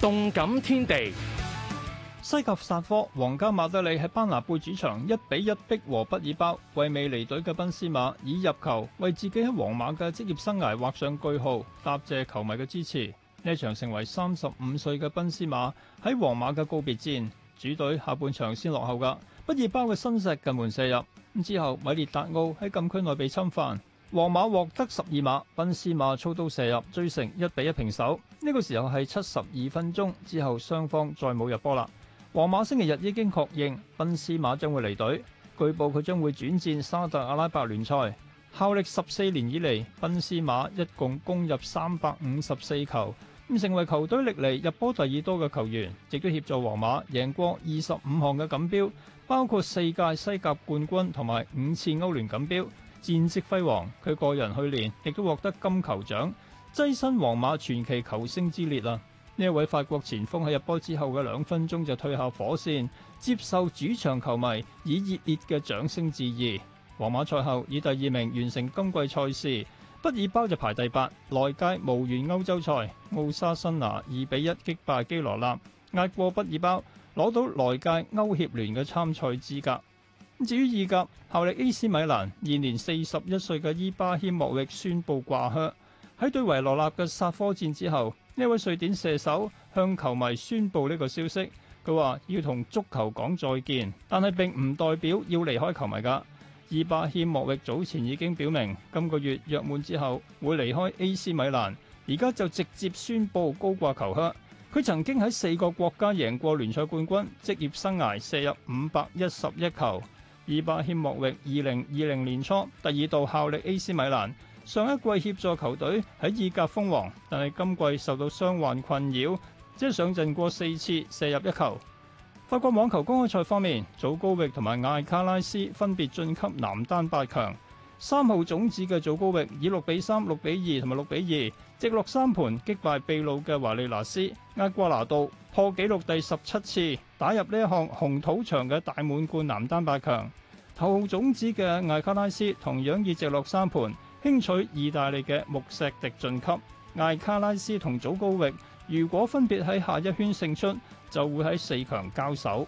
動感天地，西甲煞科，皇家馬德里喺班拿貝主場一比一逼和畢爾包。為未離隊嘅賓斯馬以入球為自己喺皇馬嘅職業生涯畫上句號，答謝球迷嘅支持。呢場成為三十五歲嘅賓斯馬喺皇馬嘅告別戰。主隊下半場先落後噶，畢爾包嘅新石近門射入，之後米列達奧喺禁區內被侵犯。皇馬獲得十二碼，賓斯馬操刀射入，追成一比一平手。呢、這個時候係七十二分鐘之後，雙方再冇入波啦。皇馬星期日已經確認賓斯馬將會離隊，據報佢將會轉戰沙特阿拉伯聯賽。效力十四年以嚟，賓斯馬一共攻入三百五十四球，咁成為球隊歷嚟入波第二多嘅球員，亦都協助皇馬贏過二十五項嘅錦標，包括四屆西甲冠軍同埋五次歐聯錦標。戰績輝煌，佢個人去年亦都獲得金球獎，躋身皇馬傳奇球星之列啊，呢一位法國前鋒喺入波之後嘅兩分鐘就退下火線，接受主場球迷以熱烈嘅掌聲致意。皇馬賽後以第二名完成今季賽事，畢爾包就排第八，嚟屆無緣歐洲賽。奧沙辛拿二比一擊敗基羅納，壓過畢爾包，攞到嚟屆歐協聯嘅參賽資格。至於意甲效力 AC 米蘭現年四十一歲嘅伊巴謙莫域宣布掛靴。喺對維羅納嘅煞科戰之後，呢位瑞典射手向球迷宣布呢個消息。佢話：要同足球講再見，但係並唔代表要離開球迷噶。伊巴謙莫域早前已經表明今個月約滿之後會離開 AC 米蘭，而家就直接宣布高掛球靴。佢曾經喺四個國家贏過聯賽冠軍，職業生涯射入五百一十一球。伊巴謙莫域，二零二零年初第二度效力 A.C. 米蘭，上一季協助球隊喺意甲封王，但係今季受到傷患困擾，只係上陣過四次，射入一球。法國網球公開賽方面，祖高域同埋艾卡拉斯分別晉級男單八強。三號種子嘅祖高域以六比三、六比二同埋六比二，直落三盤擊敗秘魯嘅華利拿斯，壓過拿度破紀錄第十七次打入呢一項紅土場嘅大滿貫男單八強。頭號種子嘅艾卡拉斯同樣以直落三盤輕取意大利嘅穆石迪晉級。艾卡拉斯同祖高域如果分別喺下一圈勝出，就會喺四強交手。